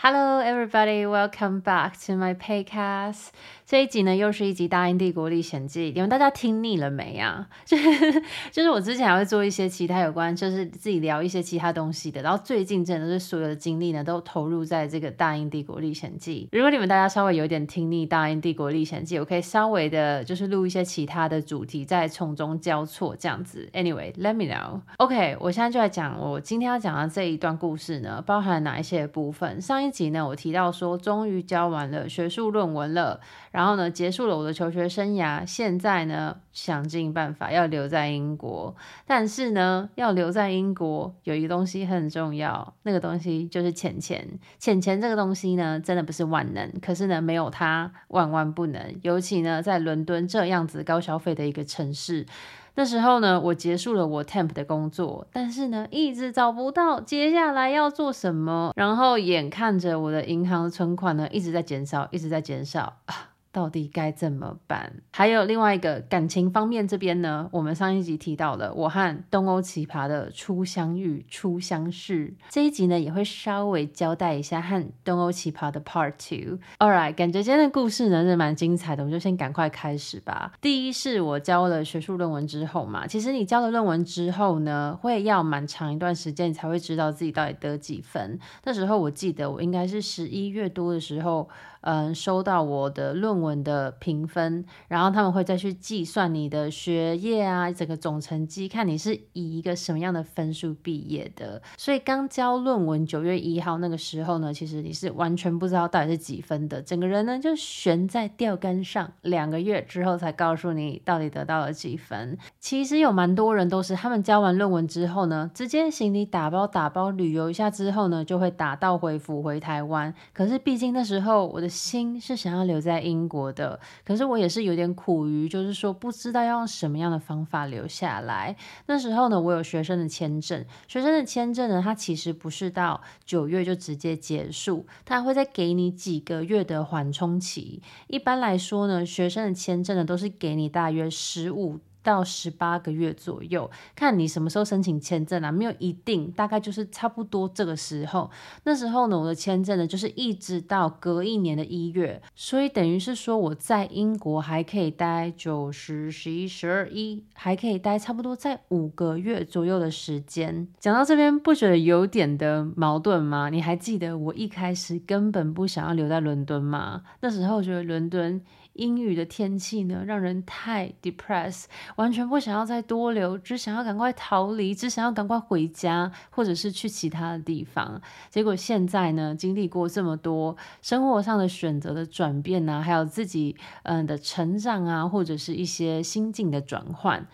Hello, everybody! Welcome back to my podcast。這一集呢，又是一集《大英帝國歷險記》。你們大家聽膩了沒啊？就， 就是我之前還會做一些其他有關，就是自己聊一些其他東西的。然後最近真的是所有的精力呢，都投入在這個《大英帝國歷險記》。如果你們大家稍微有點聽膩《大英帝國歷險記》，我可以稍微的就是錄一些其他的主題，再從中交錯這樣子。Anyway, let me know. OK，我現在就來講我今天要講的這一段故事呢，包含哪一些部分？上一這一集呢，我提到說，終於交完了學術論文了，然後呢，結束了我的求學生涯。現在呢，想盡辦法要留在英國，但是呢，要留在英國有一個東西很重要，那個東西就是錢錢錢錢。錢錢這個東西呢，真的不是萬能，可是呢，沒有它萬萬不能。尤其呢，在倫敦這樣子高消費的一個城市。那時候呢，我結束了我 temp 的工作，但是呢，一直找不到接下來要做什麼，然後眼看着我的銀行存款呢一直在減少，一直在減少。啊到底該怎麼辦？還有另外一個感情方面這邊呢？我們上一集提到了我和東歐奇葩的初相遇、初相識。這一集呢也會稍微交代一下和東歐奇葩的 Part Two。Alright，感覺今天的故事呢是蠻精彩的，我們就先趕快開始吧。第一是我交了學術論文之後嘛，其實你交了論文之後呢，會要蠻長一段時間你才會知道自己到底得幾分。那時候我記得我應該是十一月多的時候。嗯，收到我的論文的評分，然後他們會再去計算你的學業啊，整個總成績，看你是以一個什麼樣的分數畢業的。所以剛交論文九月一號那個時候呢，其實你是完全不知道到底是幾分的，整個人呢就懸在吊桿上。兩個月之後才告訴你到底得到了幾分。其實有蠻多人都是他們交完論文之後呢，直接行李打包打包旅遊一下之後呢，就會打道回府回台灣。可是畢竟那時候我的。心是想要留在英國的，可是我也是有點苦於，就是說不知道要用什麼樣的方法留下來。那時候呢，我有學生的簽證，學生的簽證呢，它其實不是到九月就直接結束，它會再給你幾個月的緩衝期。一般來說呢，學生的簽證呢都是給你大約十五。到十八個月左右，看你什麼時候申請簽證啊，沒有一定，大概就是差不多這個時候。那時候呢，我的簽證呢，就是一直到隔一年的一月，所以等於是說我在英國還可以待九、十、十一、十二、一，還可以待差不多在五個月左右的時間。講到這邊，不覺得有點的矛盾嗎？你還記得我一開始根本不想要留在倫敦嗎？那時候我覺得倫敦。陰雨的天氣呢，讓人太 depressed，完全不想要再多留，只想要趕快逃離，只想要趕快回家，或者是去其他的地方。結果現在呢，經歷過這麼多生活上的選擇的轉變呢、啊，還有自己嗯的成長啊，或者是一些心境的轉換，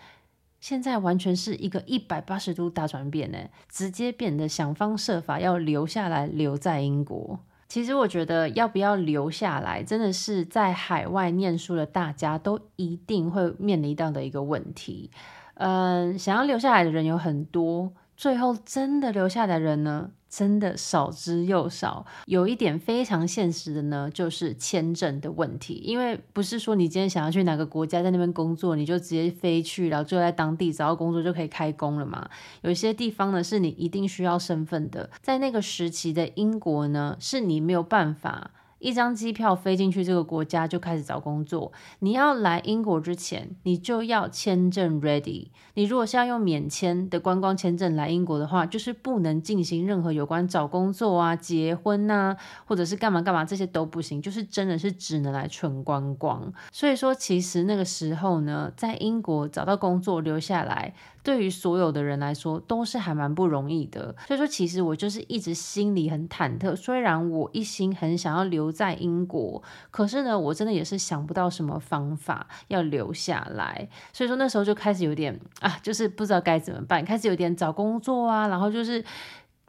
現在完全是一個一百八十度大轉變呢，直接變得想方設法要留下來，留在英國。其實我覺得，要不要留下來，真的是在海外念書的大家都一定會面臨到的一個問題。嗯，想要留下來的人有很多，最後真的留下來的人呢，真的少之又少。有一點非常現實的呢，就是簽證的問題。因為不是說你今天想要去哪個國家，在那邊工作，你就直接飛去，然後就在當地找到工作就可以開工了嘛。有些地方呢，是你一定需要身份的。在那個時期的英國呢，是你沒有辦法。一張機票飛進去這個國家就開始找工作。你要來英國之前，你就要簽證 ready。你如果是要用免簽的觀光簽證來英國的話，就是不能進行任何有關找工作啊、結婚啊，或者是幹嘛幹嘛這些都不行，就是真的是只能來純觀光。所以說，其實那個時候呢，在英國找到工作留下來，對於所有的人來說，都是還蠻不容易的。所以說，其實我就是一直心裡很忐忑。雖然我一心很想要留在英國，可是呢，我真的也是想不到什麼方法要留下來。所以說，那時候就開始有點啊，就是不知道該怎麼辦，開始有點找工作啊，然後就是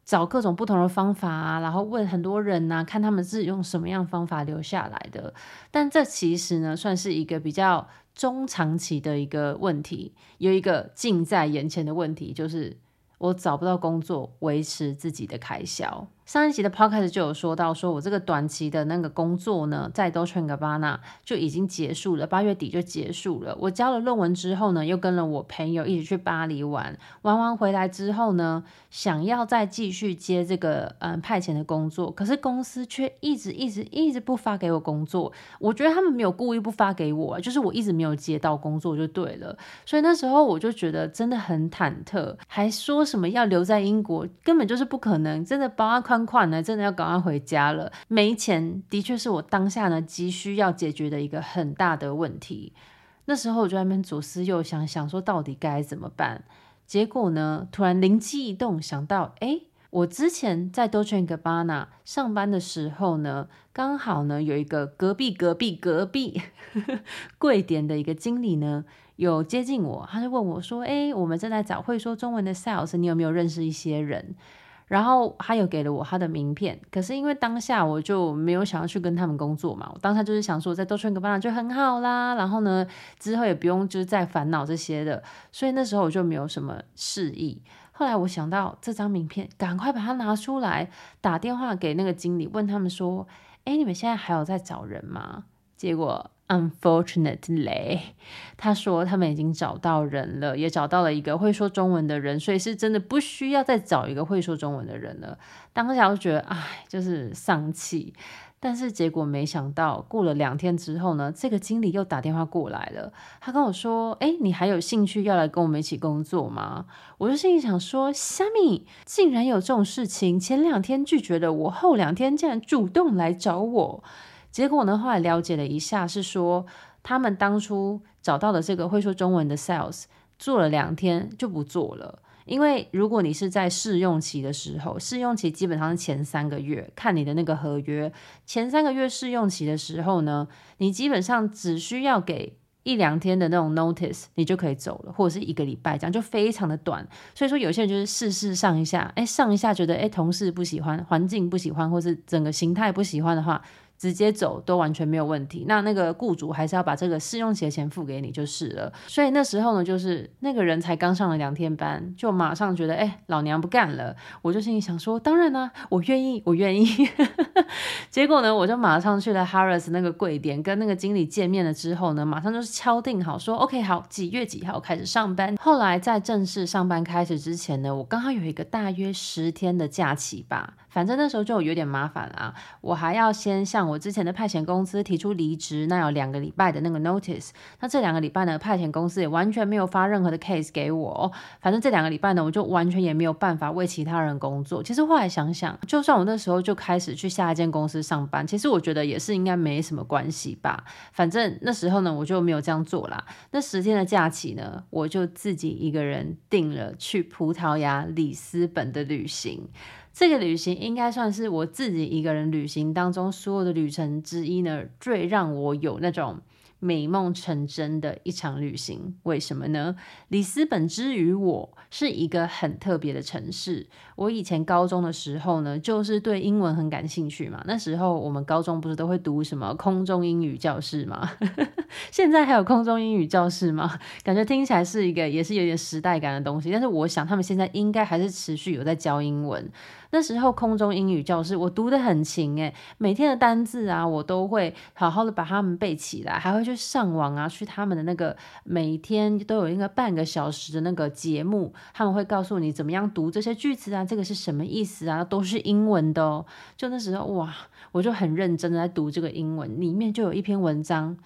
找各種不同的方法啊，然後問很多人吶、啊，看他們是用什麼樣方法留下來的。但這其實呢，算是一個比較。中長期的一個問題，有一個近在眼前的問題，就是我找不到工作，維持自己的開銷。上一集的 podcast 就有說到，說我這個短期的那個工作呢，在 a 特瑞格巴納就已經結束了，八月底就結束了。我交了論文之後呢，又跟了我朋友一起去巴黎玩，玩完回來之後呢，想要再繼續接這個嗯派遣的工作，可是公司卻一直一直一直不發給我工作。我覺得他們沒有故意不發給我，就是我一直沒有接到工作就對了。所以那時候我就覺得真的很忐忑，還說什麼要留在英國，根本就是不可能。真的，八款呢，真的要趕快回家了。沒錢，的確是我當下呢急需要解決的一個很大的問題。那時候我就在那邊左思右想，想說到底該怎麼辦。結果呢，突然靈機一動，想到，哎，我之前在 Dolce Gabbana 上班的時候呢，剛好呢有一個隔壁隔壁隔壁櫃點的一個經理呢，有接近我，他就問我說，哎，我們正在找會說中文的 sales，你有沒有認識一些人？然後他有給了我他的名片，可是因為當下我就沒有想要去跟他們工作嘛，我當下就是想說我在多春閣班就很好啦，然後呢之後也不用就是再煩惱這些的，所以那時候我就沒有什麼示意。後來我想到這張名片，趕快把它拿出來，打電話給那個經理，問他們說：哎，你們現在還有在找人嗎？結果。Unfortunately，他說他們已經找到人了，也找到了一個會說中文的人，所以是真的不需要再找一個會說中文的人了。當下就覺得唉，就是喪氣。但是結果沒想到，過了兩天之後呢，這個經理又打電話過來了，他跟我說：“哎，你還有興趣要來跟我們一起工作嗎？”我就心裡想說：“蝦米，竟然有這種事情！前兩天拒絕了我，後兩天竟然主動來找我。”結果呢？後來了解了一下，是說他們當初找到的這個會說中文的 sales 做了兩天就不做了。因為如果你是在試用期的時候，試用期基本上是前三個月看你的那個合約，前三個月試用期的時候呢，你基本上只需要給一兩天的那種 notice，你就可以走了，或者是一個禮拜，這樣就非常的短。所以說，有些人就是試試上一下，哎，上一下覺得哎，同事不喜歡，環境不喜歡，或是整個形態不喜歡的話。直接走都完全沒有問題，那那個僱主還是要把這個試用期的錢付給你就是了。所以那時候呢，就是那個人才剛上了兩天班，就馬上覺得，哎、欸，老娘不幹了。我就心裡想說，當然啦、啊，我願意，我願意。 結果呢，我就馬上去了 Harris 那個櫃點，跟那個經理見面了之後呢，馬上就是敲定好說，OK，好，幾月幾號開始上班。後來在正式上班開始之前呢，我剛好有一個大約十天的假期吧。反正那時候就有點麻煩啦、啊，我還要先向我之前的派遣公司提出離職，那有兩個禮拜的那個 notice，那這兩個禮拜呢，派遣公司也完全沒有發任何的 case 給我、哦。反正這兩個禮拜呢，我就完全也沒有辦法為其他人工作。其實後來想想，就算我那時候就開始去下一間公司上班，其實我覺得也是應該沒什麼關係吧。反正那時候呢，我就沒有這樣做啦。那十天的假期呢，我就自己一個人訂了去葡萄牙里斯本的旅行。這個旅行應該算是我自己一個人旅行當中所有的旅程之一呢，最讓我有那種美夢成真的一場旅行。為什麼呢？里斯本之於我是一個很特別的城市。我以前高中的時候呢，就是對英文很感興趣嘛。那時候我們高中不是都會讀什麼空中英語教室嗎？ 現在還有空中英語教室嗎？感覺聽起來是一個也是有點時代感的東西。但是我想他們現在應該還是持續有在教英文。那時候空中英語教室，我讀得很勤誒，每天的單字啊，我都會好好的把它們背起來，還會去上網啊，去他們的那個每天都有一個半個小時的那個節目，他們會告訴你怎麼樣讀這些句子啊，這個是什麼意思啊，都是英文的哦。就那時候哇，我就很認真的在讀這個英文，裡面就有一篇文章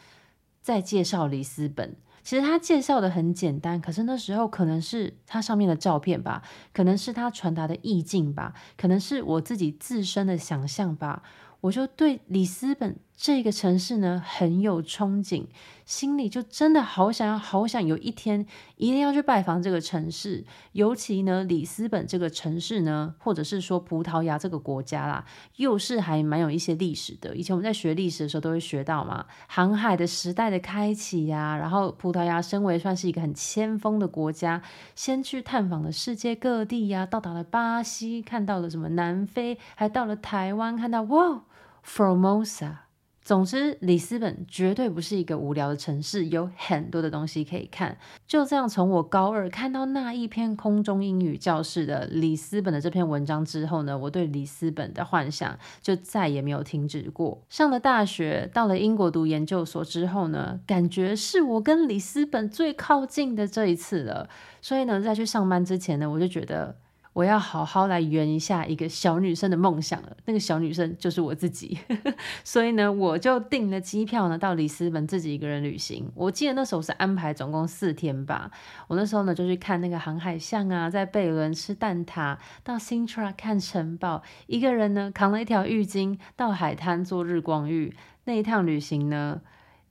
在介紹里斯本。其實他介紹的很簡單，可是那時候可能是他上面的照片吧，可能是他傳達的意境吧，可能是我自己自身的想象吧，我就對里斯本，這個城市呢，很有憧憬，心裡就真的好想要，好想有一天一定要去拜訪這個城市。尤其呢，里斯本這個城市呢，或者是說葡萄牙這個國家啦，又是還蠻有一些歷史的。以前我們在學歷史的時候都會學到嘛，航海的時代的開啟呀、啊，然後葡萄牙身為算是一個很先鋒的國家，先去探訪了世界各地呀、啊，到達了巴西，看到了什麼南非，還到了台灣，看到，哇，Formosa。總之，里斯本絕對不是一個無聊的城市，有很多的東西可以看。就這樣，從我高二看到那一篇空中英語教室的里斯本的這篇文章之後呢，我對里斯本的幻想就再也沒有停止過。上了大學，到了英國讀研究所之後呢，感覺是我跟里斯本最靠近的這一次了。所以呢，在去上班之前呢，我就覺得，我要好好來圓一下一個小女生的夢想了，那個小女生就是我自己， 所以呢，我就訂了機票呢到里斯本自己一個人旅行。我記得那時候是安排總共四天吧，我那時候呢就去看那個航海巷啊，在貝倫吃蛋撻，到 Sintra 看城堡，一個人呢扛了一條浴巾到海灘做日光浴，那一趟旅行呢，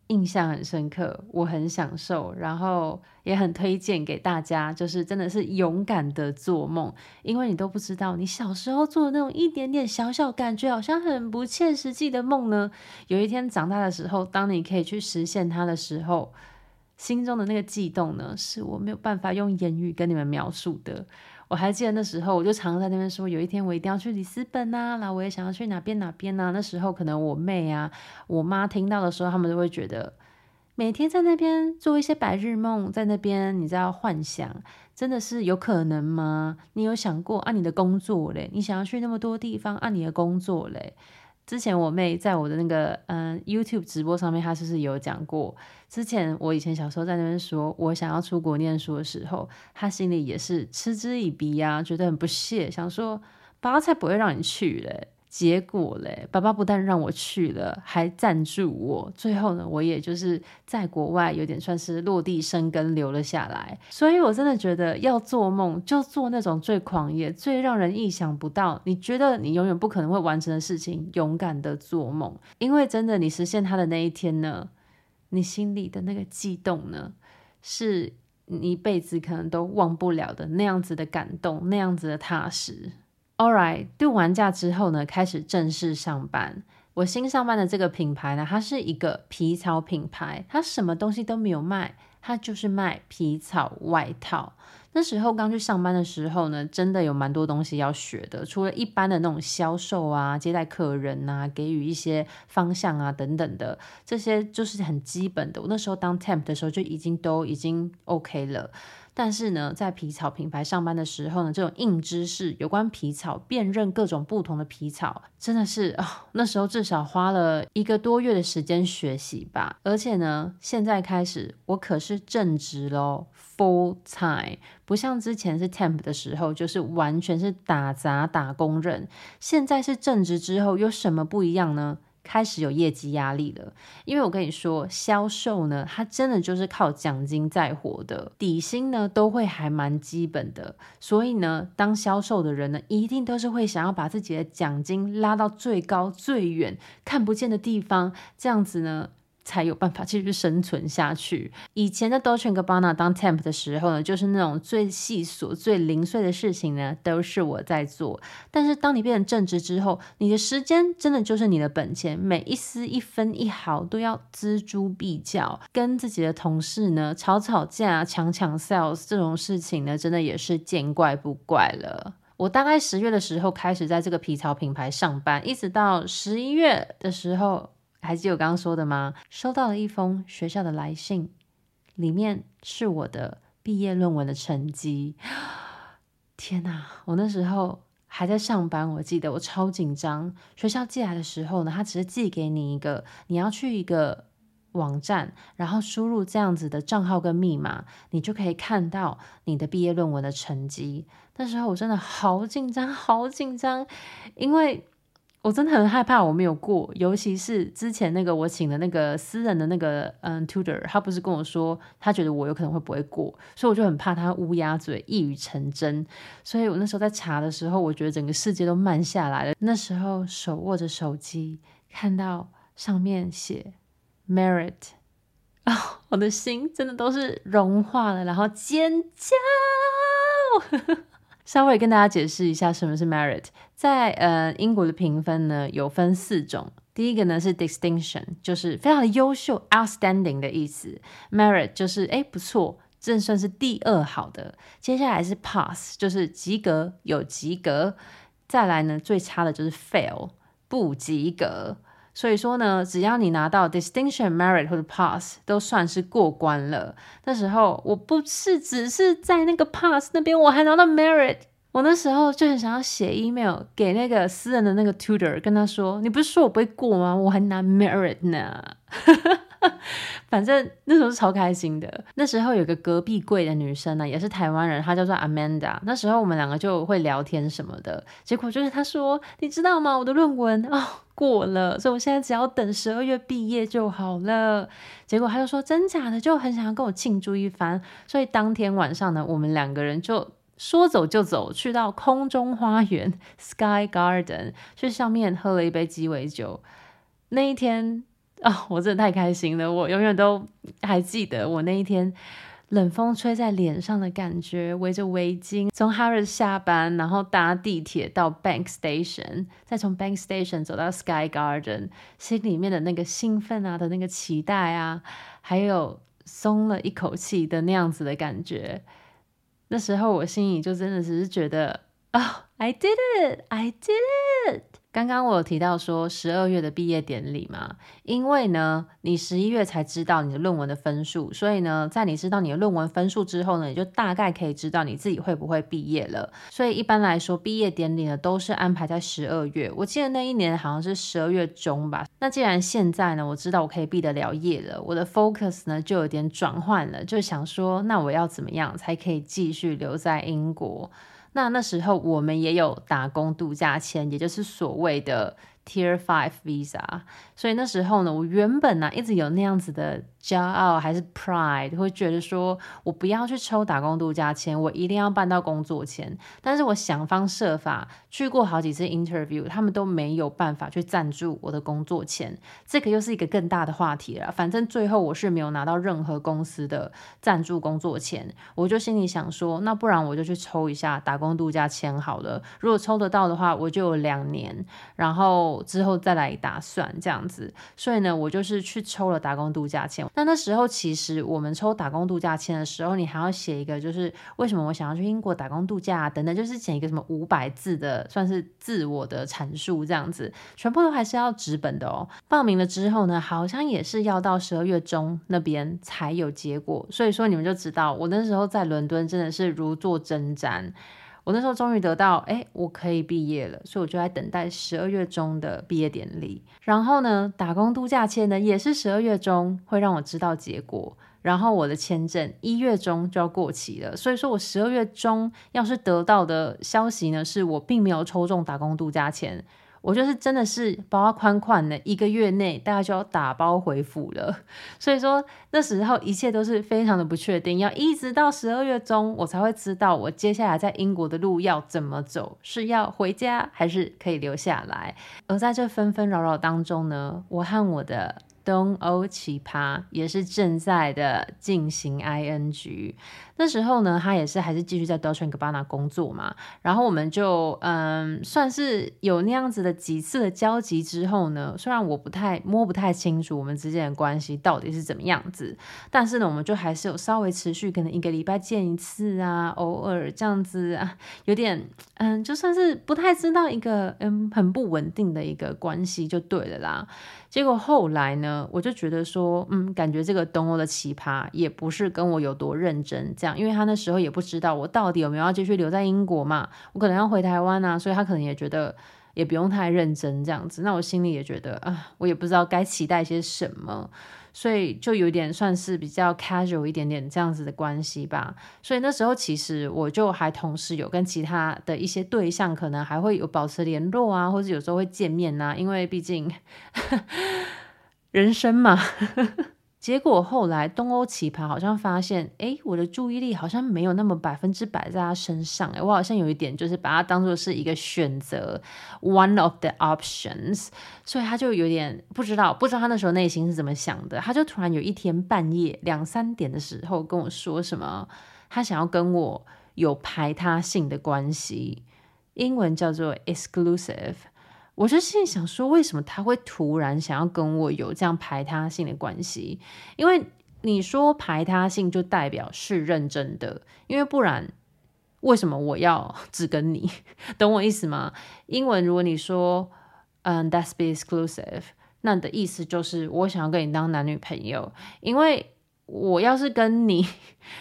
印象很深刻，我很享受，然後也很推薦給大家，就是真的是勇敢的做夢，因為你都不知道你小時候做的那種一點點小小感覺，好像很不切實際的夢呢。有一天長大的時候，當你可以去實現它的時候，心中的那個悸動呢，是我沒有辦法用言語跟你們描述的。我還記得那時候，我就常在那邊說，有一天我一定要去里斯本吶，然後我也想要去哪邊哪邊啊。那時候可能我妹啊、我媽聽到的時候，他們都會覺得，每天在那邊做一些白日夢，在那邊你知道幻想，真的是有可能嗎？你有想過按、啊、你的工作嘞，你想要去那麼多地方、啊，按你的工作嘞。之前我妹在我的那個嗯 YouTube 直播上面，她是不是有講過？之前我以前小時候在那邊說，我想要出國唸書的時候，她心裡也是嗤之以鼻呀、啊，覺得很不屑，想說爸爸才不會讓你去嘞。結果嘞，爸爸不但讓我去了，還贊助我。最後呢，我也就是在國外有點算是落地生根，留了下來。所以，我真的覺得要做夢，就做那種最狂野、最讓人意想不到、你覺得你永遠不可能會完成的事情，勇敢的做夢。因為真的，你實現它的那一天呢，你心裡的那個悸動呢，是你一輩子可能都忘不了的那樣子的感動，那樣子的踏實。All right，度完假之後呢，開始正式上班。我新上班的這個品牌呢，它是一個皮草品牌，它什麼東西都沒有賣，它就是賣皮草外套。那時候剛去上班的時候呢，真的有蠻多東西要學的，除了一般的那種銷售啊、接待客人啊、給予一些方向啊等等的，這些就是很基本的。我那時候當 temp 的時候就已經都已經 OK 了。但是呢，在皮草品牌上班的時候呢，這種硬知識，有關皮草、辨認各種不同的皮草，真的是，哦、那時候至少花了一個多月的時間學習吧。而且呢，現在開始我可是正職嘍，full time，不像之前是 temp 的時候，就是完全是打雜打工人。現在是正職之後，有什麼不一樣呢？開始有業績壓力了，因為我跟你說，銷售呢，它真的就是靠獎金在活的，底薪呢都會還蠻基本的，所以呢，當銷售的人呢，一定都是會想要把自己的獎金拉到最高、最遠、看不見的地方，這樣子呢，才有辦法繼續生存下去。以前的 Dolce & Gabbana 當 Temp 的時候呢，就是那種最細瑣、最零碎的事情呢，都是我在做。但是當你變成正職之後，你的時間真的就是你的本錢，每一絲一分一毫都要錙銖必較。跟自己的同事呢吵吵架、搶搶 Sales 這種事情呢，真的也是見怪不怪了。我大概十月的時候開始在這個皮草品牌上班，一直到十一月的時候。還記得我剛剛說的嗎？收到了一封學校的來信，裡面是我的畢業論文的成績。天吶，我那時候還在上班，我記得我超緊張。學校寄來的時候呢，他只是寄給你一個，你要去一個網站，然後輸入這樣子的賬號跟密碼，你就可以看到你的畢業論文的成績。那時候我真的好緊張，好緊張，因為。我真的很害怕我沒有過，尤其是之前那個我請的那個私人的那個嗯 tutor，他不是跟我說他覺得我有可能會不會過，所以我就很怕他烏鴉嘴一語成真。所以我那時候在查的時候，我覺得整個世界都慢下來了。那時候手握着手機，看到上面寫 merit。哦，我的心真的都是融化了，然後尖叫。 稍微跟大家解釋一下，什麼是 merit。在呃英國的評分呢，有分四種。第一個呢是 distinction，就是非常的優秀，outstanding 的意思。merit 就是哎不錯，正算是第二好的。接下來是 pass，就是及格，有及格。再來呢，最差的就是 fail，不及格。所以說呢，只要你拿到 distinction merit 或者 pass，都算是過關了。那時候我不是只是在那個 pass 那邊，我還拿到 merit。我那時候就很想要寫 email 給那個私人的那個 tutor，跟他說：“你不是說我不會過嗎？我還拿 merit 呢。 ” 反正那時候是超開心的。那時候有個隔壁櫃的女生呢、啊，也是台灣人，她叫做 Amanda。那時候我們兩個就會聊天什麼的。結果就是她說：“你知道嗎？我的論文哦過了，所以我現在只要等十二月畢業就好了。”結果她就說：“真假的？”就很想要跟我慶祝一番。所以當天晚上呢，我們兩個人就說走就走，去到空中花園 Sky Garden 去上面喝了一杯雞尾酒。那一天。哦、oh，我真的太開心了！我永遠都還記得我那一天冷風吹在臉上的感覺，圍着圍巾，從 Harrods 下班，然後搭地鐵到 Bank Station，再從 Bank Station 走到 Sky Garden，心裡面的那個興奮啊的那個期待啊，還有鬆了一口氣的那樣子的感覺。那時候我心裡就真的只是覺得哦、oh, I did it，I did it。剛剛我有提到說十二月的畢業典禮嘛，因為呢，你十一月才知道你的論文的分數，所以呢，在你知道你的論文分數之後呢，你就大概可以知道你自己會不會畢業了。所以一般來說，畢業典禮呢都是安排在十二月。我記得那一年好像是十二月中吧。那既然現在呢，我知道我可以畢得了業了，我的 focus 呢就有點轉換了，就想說，那我要怎麼樣才可以繼續留在英國？那那時候我們也有打工度假簽，也就是所謂的 Tier Five Visa，所以那時候呢，我原本呢、啊、一直有那樣子的驕傲，還是 Pride，會覺得說我不要去抽打工度假簽，我一定要辦到工作簽。但是我想方設法去過好幾次 Interview，他們都沒有辦法去贊助我的工作簽。這個又是一個更大的話題了。反正最後我是沒有拿到任何公司的贊助工作簽，我就心裡想說，那不然我就去抽一下打工度假簽好了。如果抽得到的話，我就有兩年，然後。之後再來打算這樣子，所以呢，我就是去抽了打工度假簽。那那時候其實我們抽打工度假簽的時候，你還要寫一個，就是為什麼我想要去英國打工度假、啊、等等，就是寫一個什麼五百字的，算是自我的闡述這樣子，全部都還是要紙本的哦。報名了之後呢，好像也是要到十二月中那邊才有結果，所以說你們就知道，我那時候在倫敦真的是如坐針氈。我那時候終於得到，哎，我可以畢業了，所以我就在等待十二月中的畢業典禮。然後呢，打工度假簽呢也是十二月中會讓我知道結果。然後我的簽證一月中就要過期了，所以說我十二月中要是得到的消息呢，是我並沒有抽中打工度假簽。我就是真的是包袱款款的，一個月內大家就要打包回府了，所以說那時候一切都是非常的不確定，要一直到十二月中我才會知道我接下來在英國的路要怎麼走，是要回家還是可以留下來。而在這紛紛擾擾當中呢，我和我的東歐奇葩也是正在的進行 ing。那時候呢，他也是還是繼續在 Dolce & Gabbana 工作嘛，然後我們就嗯，算是有那樣子的幾次的交集之後呢，雖然我不太摸不太清楚我們之間的關係到底是怎麼樣子，但是呢，我們就還是有稍微持續，可能一個禮拜見一次啊，偶爾這樣子啊，有點嗯，就算是不太知道一個嗯很不穩定的一個關係就對了啦。結果後來呢，我就覺得說，嗯，感覺這個東歐的奇葩也不是跟我有多認真這樣。因為他那時候也不知道我到底有沒有要繼續留在英國嘛，我可能要回台灣啊，所以他可能也覺得也不用太認真這樣子。那我心裡也覺得啊、呃，我也不知道該期待些什麼，所以就有點算是比較 casual 一點點這樣子的關係吧。所以那時候其實我就還同時有跟其他的一些對象，可能還會有保持聯絡啊，或者有時候會見面啊，因為畢竟人生嘛。呵呵結果後來，東歐奇葩好像發現，哎，我的注意力好像沒有那麼百分之百在他身上，誒，我好像有一點就是把他當做是一個選擇，one of the options，所以他就有點不知道，不知道他那時候內心是怎麼想的，他就突然有一天半夜兩三點的時候跟我說什麼，他想要跟我有排他性的關係，英文叫做 exclusive。我是現在想說，為什麼他會突然想要跟我有這樣排他性的關係？因為你說排他性，就代表是認真的，因為不然，為什麼我要只跟你？懂我意思嗎？英文如果你說，嗯，um,that's be exclusive，那你的意思就是我想要跟你當男女朋友，因為。我要是跟你，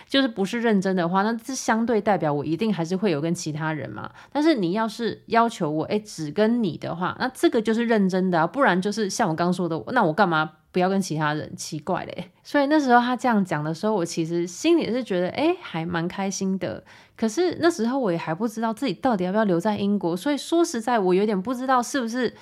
就是不是認真的話，那這相對代表我一定還是會有跟其他人嘛。但是你要是要求我，欸，只跟你的話，那這個就是認真的啊，不然就是像我剛說的，那我幹嘛不要跟其他人？奇怪嘞。所以那時候他這樣講的時候，我其實心裡是覺得，欸，還蠻開心的。可是那時候我也還不知道自己到底要不要留在英國，所以說實在我有點不知道是不是。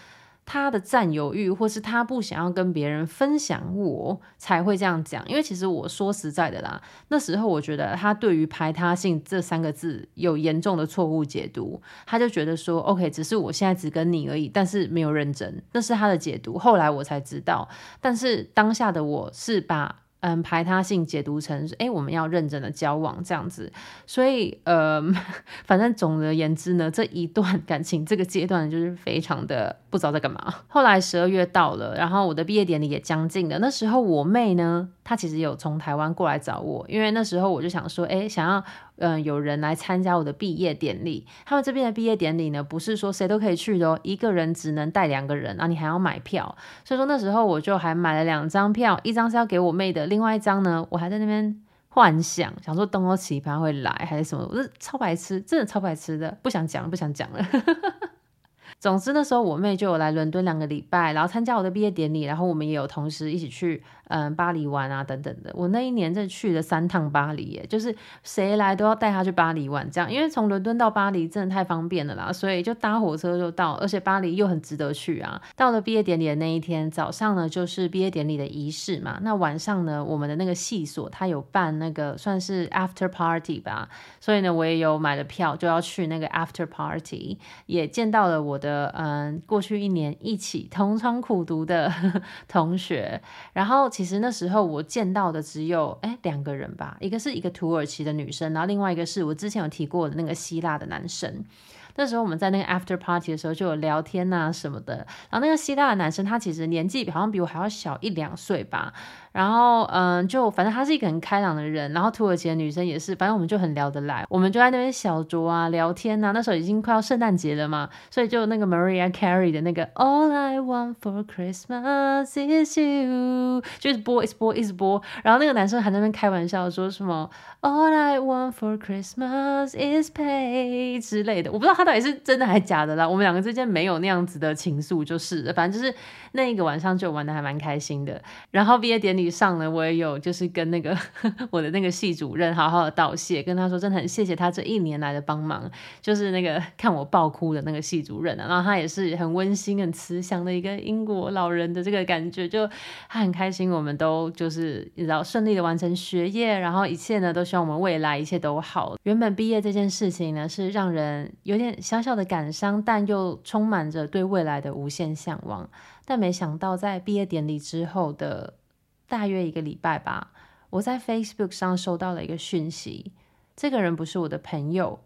他的佔有欲，或是他不想要跟別人分享我，才會這樣講。因為其實我說實在的啦，那時候我覺得他對於排他性這三個字有嚴重的錯誤解讀，他就覺得說，OK，只是我現在只跟你而已，但是沒有認真。那是他的解讀，後來我才知道。但是當下的我是把。嗯，排他性解讀成，哎、欸，我們要認真的交往這樣子，所以，嗯、呃，反正總而言之呢，這一段感情這個階段就是非常的不知道在幹嘛。後來十二月到了，然後我的畢業典禮也將近了，那時候我妹呢，她其實有從台灣過來找我，因為那時候我就想說，哎、欸，想要。嗯，有人來參加我的畢業典禮。他們這邊的畢業典禮呢，不是說誰都可以去的哦、喔，一個人只能帶兩個人，然後你還要買票。所以說那時候我就還買了兩張票，一張是要給我妹的，另外一張呢，我還在那邊幻想，想說東歐奇葩會來還是什麼，我是超白痴，真的超白痴的，不想講了，不想講了。 總之那時候我妹就有來倫敦兩個禮拜，然後參加我的畢業典禮，然後我們也有同時一起去嗯巴黎玩啊、等等的。我那一年真的去了三趟巴黎耶，就是誰來都要帶她去巴黎玩這樣，因為從倫敦到巴黎真的太方便了啦，所以就搭火車就到，而且巴黎又很值得去啊。到了畢業典禮的那一天早上呢，就是畢業典禮的儀式嘛，那晚上呢，我們的那個系所他有辦那個算是 after party 吧，所以呢我也有買了票就要去那個 after party，也見到了我的。呃嗯，過去一年一起同窗苦讀的呵呵同學，然後其實那時候我見到的只有誒兩個人吧，一個是一個土耳其的女生，然後另外一個是我之前有提過的那個希臘的男生。那時候我們在那個 after party 的時候就有聊天啊什麼的，然後那個希臘的男生他其實年紀好像比我還要小一兩歲吧。然後嗯，就反正他是一個很開朗的人，然後土耳其的女生也是，反正我們就很聊得來，我們就在那邊小酌啊，聊天啊。那時候已經快要聖誕節了嘛，所以就那個 Mariah Carey 的那個 All I Want for Christmas is You，就是播一直播一直播、播。然後那個男生還在那邊開玩笑說什麼 All I Want for Christmas is Pay 之類的，我不知道他到底是真的還是假的啦。我們兩個之間沒有那樣子的情愫，就是反正就是那一個晚上就玩的還蠻開心的。然後畢業典禮。以上了我也有，就是跟那個我的那個系主任好好的道謝，跟他說真的很謝謝他這一年來的幫忙，就是那個看我爆哭的那個系主任啊，然後他也是很溫馨、很慈祥的一個英國老人的這個感覺，就他很開心，我們都就是你知道順利地完成學業，然後一切呢都希望我們未來一切都好。原本畢業這件事情呢是讓人有點小小的感傷，但又充滿着對未來的無限向往，但沒想到在畢業典禮之後的。大約一個禮拜吧，我在 Facebook 上收到了一個訊息。這個人不是我的朋友，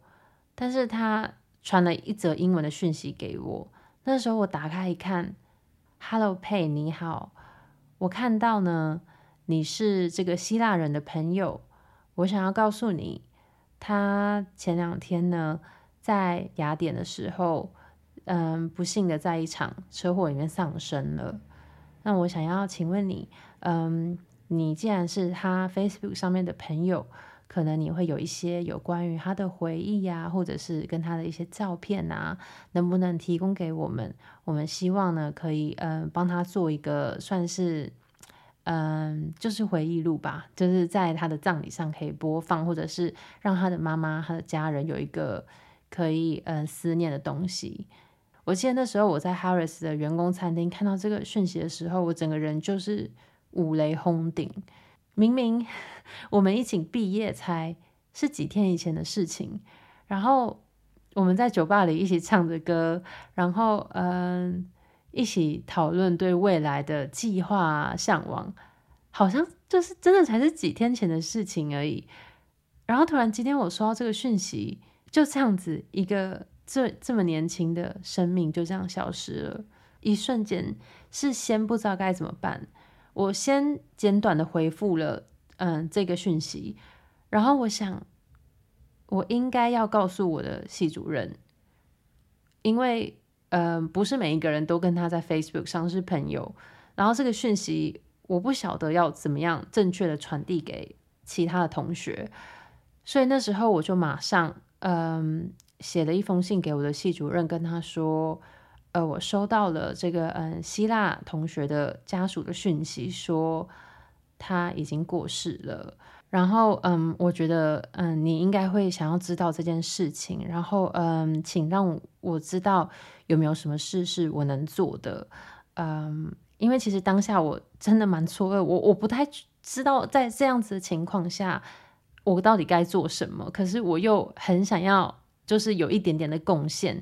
但是他傳了一則英文的訊息給我。那時候我打開一看，“Hello, Pei，你好。”我看到呢，你是這個希臘人的朋友。我想要告訴你，他前兩天呢在雅典的時候，嗯，不幸的在一場車禍裡面喪生了。那我想要請問你。嗯，你既然是他 Facebook 上面的朋友，可能你會有一些有關於他的回憶呀、啊，或者是跟他的一些照片啊，能不能提供給我們？我們希望呢，可以嗯幫他做一個算是嗯就是回憶錄吧，就是在他的葬禮上可以播放，或者是讓他的媽媽、他的家人有一個可以嗯思念的東西。我記得那時候我在 Harris 的員工餐廳看到這個訊息的時候，我整個人就是。五雷轟頂！明明我們一起畢業才是幾天以前的事情，然後我們在酒吧裡一起唱着歌，然後嗯、呃，一起討論對未來的計劃、啊、嚮往，好像就是真的才是幾天前的事情而已。然後突然今天我收到這個訊息，就這樣子一個這這麼年輕的生命就這樣消失了，一瞬間是先不知道該怎麼辦。我先簡短的回復了，嗯，這個訊息，然後我想，我應該要告訴我的系主任，因為，嗯，不是每一個人都跟他在 Facebook 上是朋友，然後這個訊息我不曉得要怎麼樣正確的傳遞給其他的同學，所以那時候我就馬上，嗯，寫了一封信給我的系主任，跟他說。呃，我收到了這個嗯，希臘同學的家屬的訊息，說他已經過世了。然後嗯，我覺得嗯，你應該會想要知道這件事情。然後嗯，請讓我知道有沒有什麼事是我能做的。嗯，因為其實當下我真的蠻錯愕，我我不太知道在這樣子的情況下，我到底該做什麼。可是我又很想要，就是有一點點的貢獻。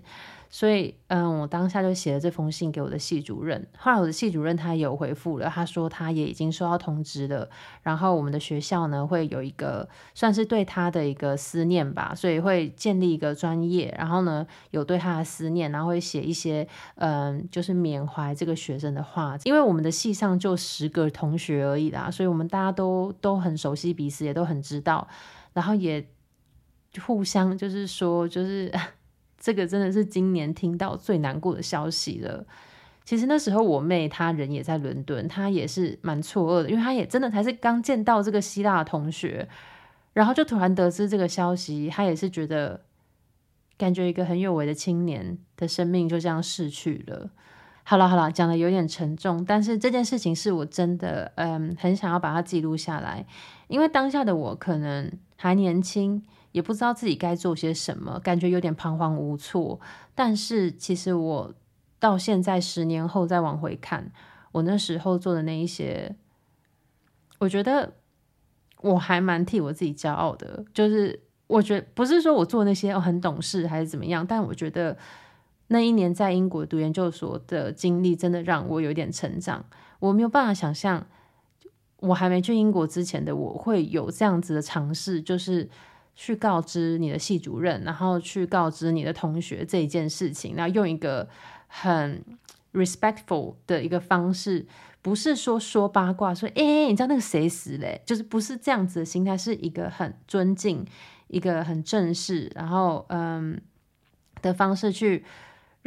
所以，嗯，我當下就寫了這封信給我的系主任。後來我的系主任他也有回復了，他說他也已經收到通知了。然後我們的學校呢，會有一個算是對他的一個思念吧，所以會建立一個專業，然後呢有對他的思念，然後會寫一些，嗯，就是緬懷這個學生的話。因為我們的系上就十個同學而已啦，所以我們大家都都很熟悉彼此，也都很知道，然後也互相就是說就是。這個真的是今年聽到最難過的消息了。其實那時候我妹她人也在倫敦，她也是蠻錯愕的，因為她也真的才是剛見到這個希臘的同學，然後就突然得知這個消息，她也是覺得感覺一個很有為的青年的生命就這樣逝去了。好了好了，講的有點沉重，但是這件事情是我真的嗯很想要把它記錄下來，因為當下的我可能還年輕。也不知道自己該做些什麼，感覺有點彷徨無措。但是其實我到現在十年後再往回看，我那時候做的那一些，我覺得我還蠻替我自己驕傲的。就是我覺得不是說我做那些哦很懂事還是怎麼樣，但我覺得那一年在英國讀研究所的經歷真的讓我有點成長。我沒有辦法想象，我還沒去英國之前的我會有這樣子的嘗試，就是。去告知你的系主任，然後去告知你的同學這一件事情，然後用一個很 respectful 的一個方式，不是說說八卦，說哎、欸，你知道那個誰死嘞？就是不是這樣子的心態，是一個很尊敬、一個很正式，然後嗯的方式去。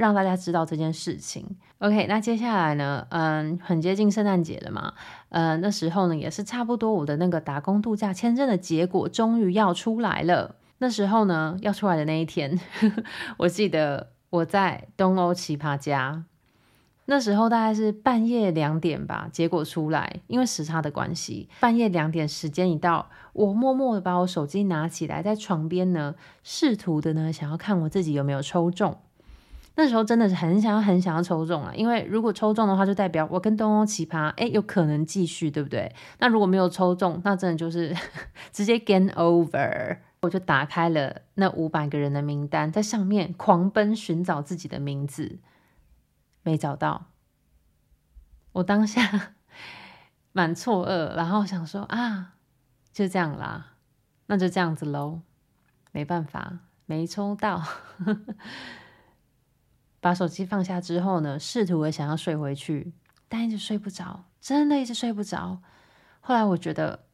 讓大家知道這件事情。OK，那接下來呢？嗯，很接近聖誕節了嘛。嗯，那時候呢，也是差不多我的那個打工度假簽證的結果終於要出來了。那時候呢，要出來的那一天， 我記得我在東歐奇葩家。那時候大概是半夜兩點吧。結果出來，因為時差的關係，半夜兩點時間一到，我默默的把我手機拿起來，在床邊呢，試圖的呢，想要看我自己有沒有抽中。那時候真的是很想要、很想要抽中啊！因為如果抽中的話，就代表我跟東歐奇葩、欸、有可能繼續，對不對？那如果沒有抽中，那真的就是直接 game over。我就打開了那五百個人的名單，在上面狂奔尋找自己的名字，沒找到。我當下蠻錯愕，然後想說啊，就這樣啦，那就這樣子嘍，沒辦法，沒抽到。 把手機放下之後呢，試圖的想要睡回去，但一直睡不着，真的一直睡不着。後來我覺得，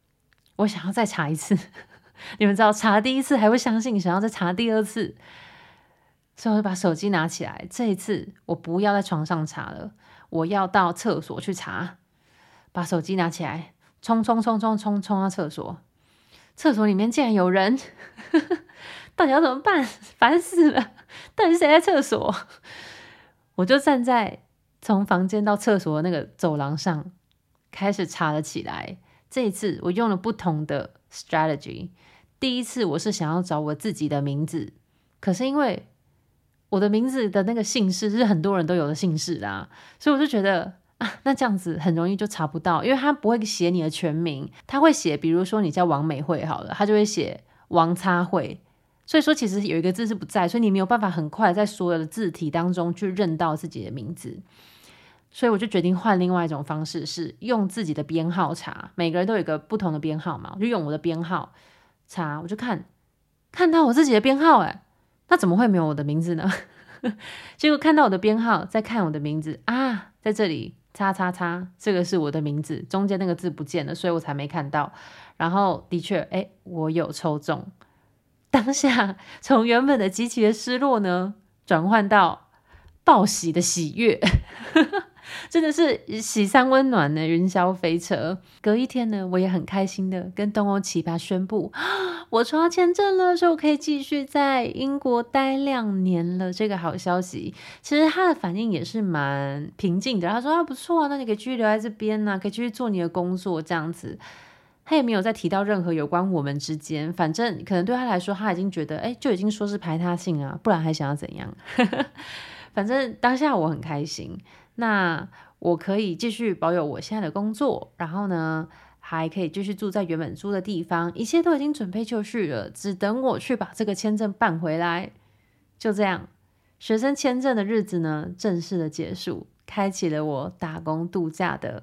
我想要再查一次。 你們知道，查第一次還不相信，想要再查第二次，所以我就把手機拿起來。這一次我不要在床上查了，我要到廁所去查。把手機拿起來，衝衝衝衝衝衝，衝，衝到廁所，廁所裡面竟然有人！ 到底要怎麼辦？煩死了！到底是誰在廁所？我就站在從房間到廁所的那個走廊上，開始查了起來。這一次我用了不同的 strategy。第一次我是想要找我自己的名字，可是因為我的名字的那個姓氏是很多人都有的姓氏啊，所以我就覺得啊，那這樣子很容易就查不到，因為他不會寫你的全名，他會寫，比如說你叫王美慧好了，他就會寫王差慧。所以說，其實有一個字是不在，所以你沒有辦法很快在所有的字體當中去認到自己的名字。所以我就決定換另外一種方式，是用自己的編號查。每個人都有一個不同的編號嘛，我就用我的編號查，我就看看到我自己的編號。哎，那怎麼會沒有我的名字呢？ 結果看到我的編號，再看我的名字啊，在這裡叉叉叉，這個是我的名字，中間那個字不見了，所以我才沒看到。然後的確，哎，我有抽中。當下從原本的極其的失落呢，轉換到報喜的喜悅， 真的是洗三溫暖的雲霄飛車。隔一天呢，我也很開心的跟東歐奇葩宣布，我拿到簽證了，所以我可以繼續在英國待兩年了。這個好消息，其實他的反應也是蠻平靜的。他說啊，不錯啊，那你可以繼續留在這邊啊，可以繼續做你的工作這樣子。他也沒有再提到任何有關我們之間，反正可能對他來說，他已經覺得，誒，就已經說是排他性啊，不然還想要怎樣？ 反正當下我很開心，那我可以繼續保有我現在的工作，然後呢，還可以繼續住在原本租的地方，一切都已經準備就緒了，只等我去把這個簽證辦回來。就這樣，學生簽證的日子呢，正式的結束，開啟了我打工度假的。